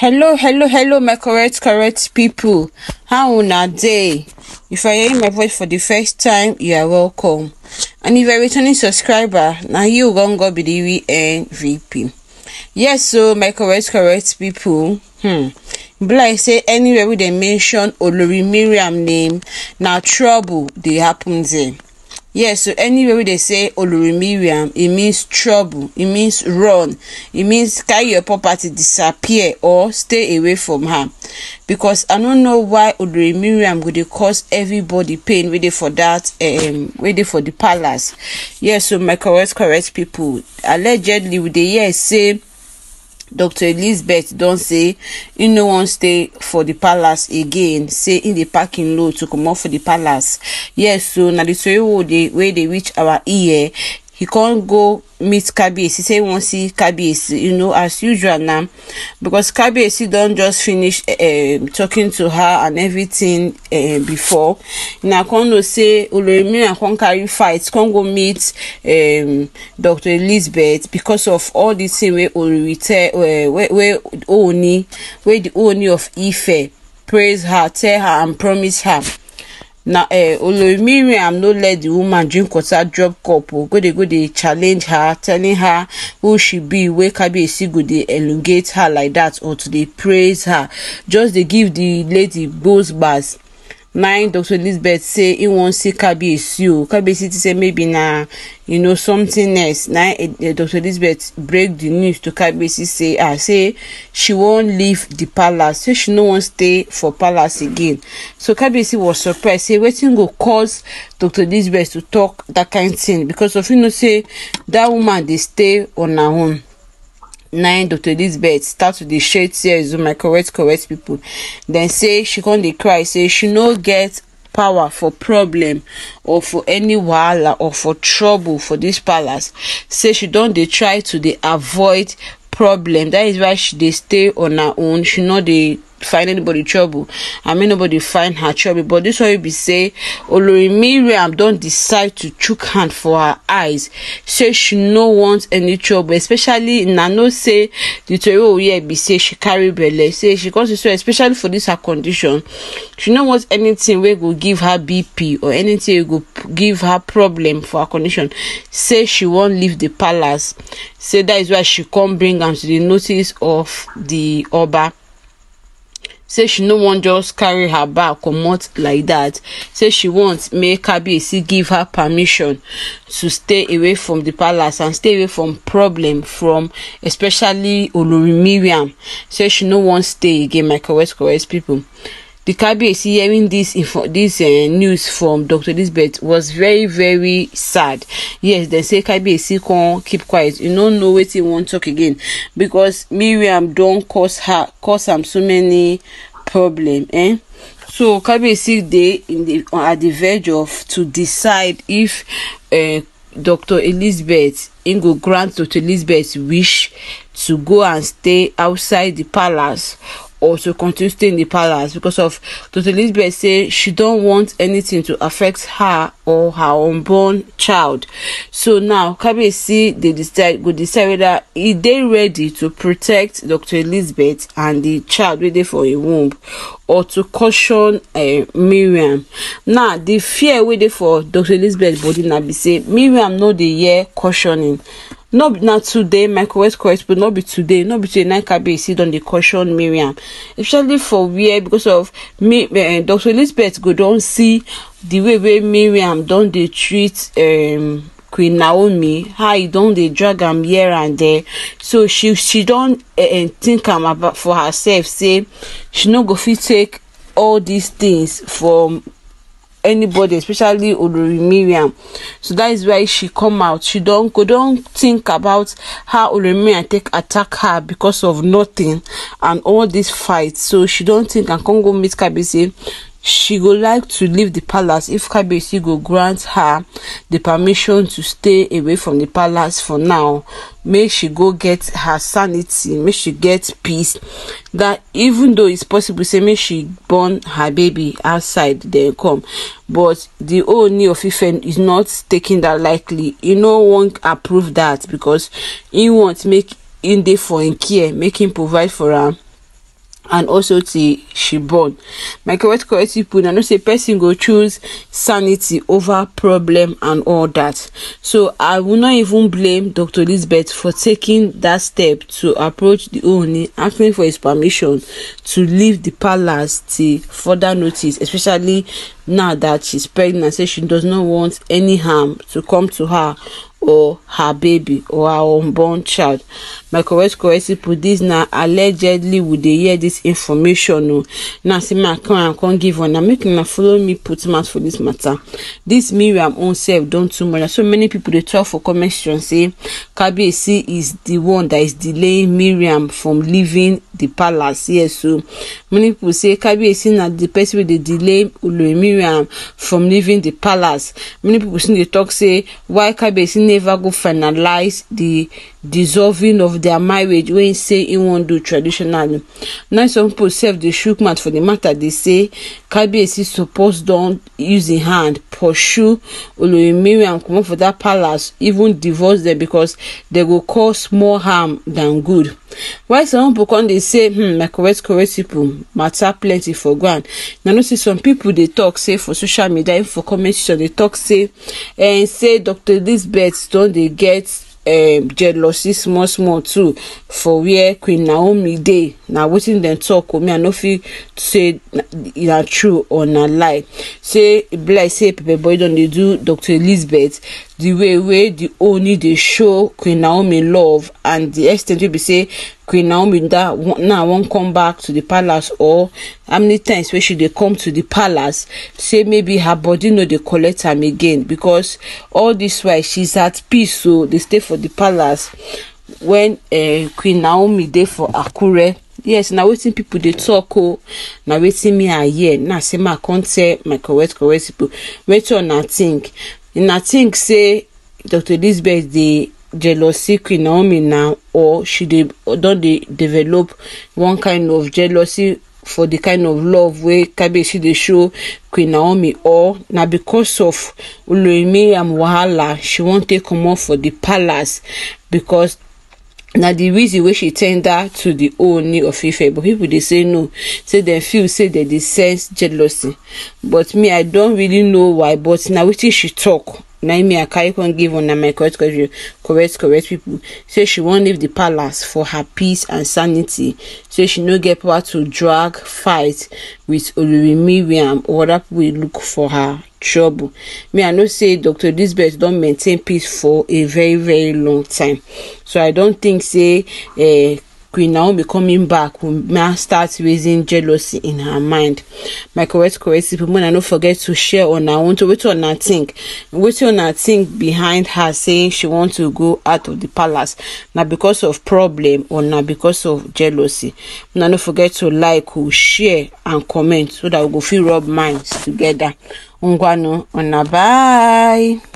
hello hello hello my correct correct people. how una day? if i hear my voice for the first time you are welcome and if you are returning subscriber now you wan go be the nvp yes so my correct correct people. hmm be like say anywhere with dem mention olori Miriam name Now trouble they happen there yes so anywhere wey dey say olorimiram e means trouble e means run e means carry your property disappear or stay away from her because i no know why olorimiram go dey cause everybody pain wey dey for that um, wey dey for the palace yes yeah, so my correct correct people allegedly we dey hear say dr elizabeth don say im no wan stay for the palace again say im dey pack im load to comot for the palace yes so na di tori wey dey reach our ear he con go meet kabiyesi say he wan see kabiyesi you know as usual na because kabiyesi don just finish uh, talking to her and everything uh, before na con know say olori mariam con carry fight con go meet um, dr elizabeth because of all the thing wey olori tell uh, wey wey ooni wey the ooni of ife praise her tell her and promise her na eh, olori miriam no let the woman drink water drop cup o oh, go dey go dey challenge her telling her who she be wey kabiyesi go dey elongate her like that or to dey praise her just dey give the lady gbos gbas nine dr elizabeth say e wan see kabiyesi o kabiyesi think say maybe na you know something else na uh, eh, eh, dr elizabeth break the news to kabiyesi say ah say she wan leave the palace say she no wan stay for palace again so kabiyesi was surprised say wetin go cause dr elizabeth to talk that kind of thing because of you know say that woman dey stay on her own nine dr elizabeth start to dey shed tears o my correct correct people. dem say she come dey cry say she no get power for problem or for any wahala or for trouble for dis palace say she don dey try to dey avoid problem That is why she dey stay on her own she no dey find anybody trouble i mean nobody find her trouble but this one be say olori miriam don decide to chook hand for her eyes say she no want any trouble especially na know say the tori wey we hear be say she carry belle say she come see so especially for this her condition she no want anything wey go give her bp or anything wey go give her problem for her condition say she wan leave the palace say that is why she come bring am to the notice of the oba say she no wan just carry her bag comot like that. say she want make kabiyesi give her permission to stay away from the palace and stay away from problem from especially olori mariam say she no wan stay again my correct correct people the Kabiyesi hearing this info this uh, news from Dr. Elizabeth was very very sad yes dem say Kabiyesi come keep quiet you no know wetin you wan talk again because Miriam don cause her cause am so many problems. eh? so Kabiyesi dey in the at the verge of to decide if uh, eh, Dr. Elizabeth im go grant Dr. Elizabeth wish to go and stay outside the palace Or to continue staying in the palace because of Dr. Elizabeth say she don't want anything to affect her or her unborn child. So now Kabiyesi they decide go decide whether e dey ready to protect Dr. Elizabeth and the child wey for a womb or to caution uh, Miriam. Now the fear waiting for Dr. Elizabeth body now be say Miriam no the hear cautioning no na today michael west correct but no be today no be today nine kabiyesi don dey caution Miriam. especially for where because of me uh, eh, dr elizabeth go don see the way wey Miriam don dey treat um, queen naomi how e don dey drag am here and there so she she don uh, think am about for herself say she no go fit take all these things from anybody especially olori miriam so that is why she come out she don go don think about how olori miriam take attack her because of nothing and all this fight so she don think and come go meet say she go like to leave the palace if Kabesi go grant her the permission to stay away from the palace for now. Make she go get her sanity, make she get peace. That even though it's possible, say make she born her baby outside, then come. But the old of Ifen is not taking that likely. You no won't approve that because he won't make in dey for him care, make him provide for her and also till she born microwave correct people na know say person go choose sanity over problem and all that so i will not even blame dr elizabeth for taking that step to approach the Ooni asking for his permission to leave the palace till further notice especially now that she's pregnant say she does not want any harm to come to her or her baby or her unborn child my correct correct people this now allegedly would dey hear this information o oh. now see my come and come give una make una follow me put mouth for this matter this miriam own self don't too much so many people they talk for comment section say kabiyesi is the one that is delaying miriam from leaving the palace yes so many people say kabiyesi na the person wey dey delay olori miriam miriam from leaving the palace many people still dey talk say why kabiyesi never go finalise the?" dissolving of their marriage wey say im wan do traditionally now some pipo sef dey shook mouth for the matter dey say kabiyesi suppose don use im hand pursue olori and comot for that palace even divorce them because they go cause more harm than good Why some people come dey say hmm my correct correct people matter plenty for ground na no see some people dey talk say for social media even for comment section dey tok say eh, say dr elizabeth don dey get uh, eh, jealousy small small too for where queen naomi dey na wetin dem talk me. i no fit say na true or na lie say e be like say pepe boy don dey do dr elizabeth The way wey the oni dey show queen naomi love and the ex ten t wey be say queen naomi da now wan come back to the palace or how many times wey she dey come to the palace say maybe her body no dey collect am again because all this while she's at peace so dey stay for the palace when uh, queen naomi dey for akure yes na wetin people dey talk o na wetin me i hear na say ma come tell my correct correct people wetin una think una think say dr elizabeth dey jealousy queen naomi na or she dey don dey develop one kind of jealousy for the kind of love wey kabiyesi dey show queen naomi or na because of oloyinmiyam wahala she wan take comot for the palace because na the reason wey she tender to the ooni of ife but people dey say no say dem feel say dem dey sense jealousy but me i don really know why but na wetin she talk na me i carry come give una my correct correct correct correct people say she wan leave the palace for her peace and sanity say she no get power to drag fight with olori mariam or other people wey look for her trouble me i know say dr elizabeth don't maintain peace for a very very long time so i don't think say uh, queen naomi coming back will now start raising jealousy in her mind my correct correct people I no forget to share on. I want to wetin una think wetin una think behind her saying she wants to go out of the palace na because of problem or na because of jealousy Now, no forget to like share and comment so that we go fit rub minds together Um guano, um abai.